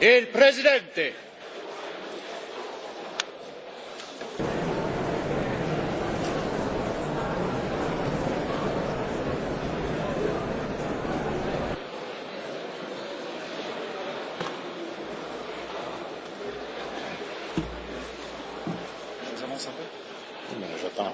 el presidente. Nous avons un peu. Mais j'attends.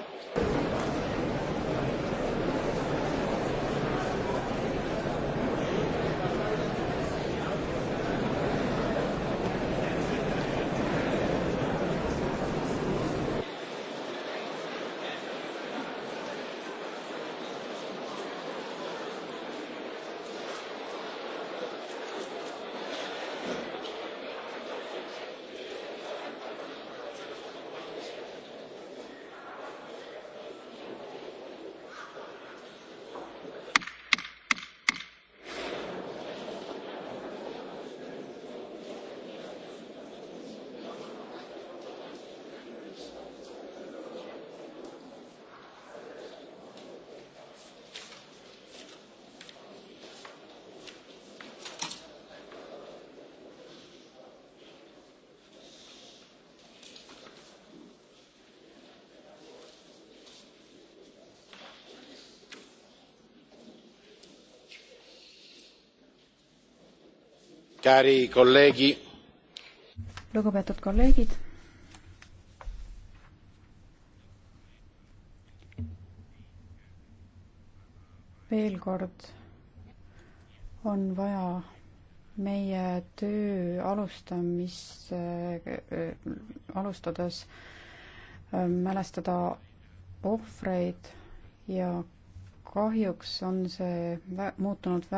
cari colleghi lugupeetud kolleegid veel kord on vaja meie töö alustamis äh, alustades äh, mälestada ohvreid ja kahjuks on see muutunud väga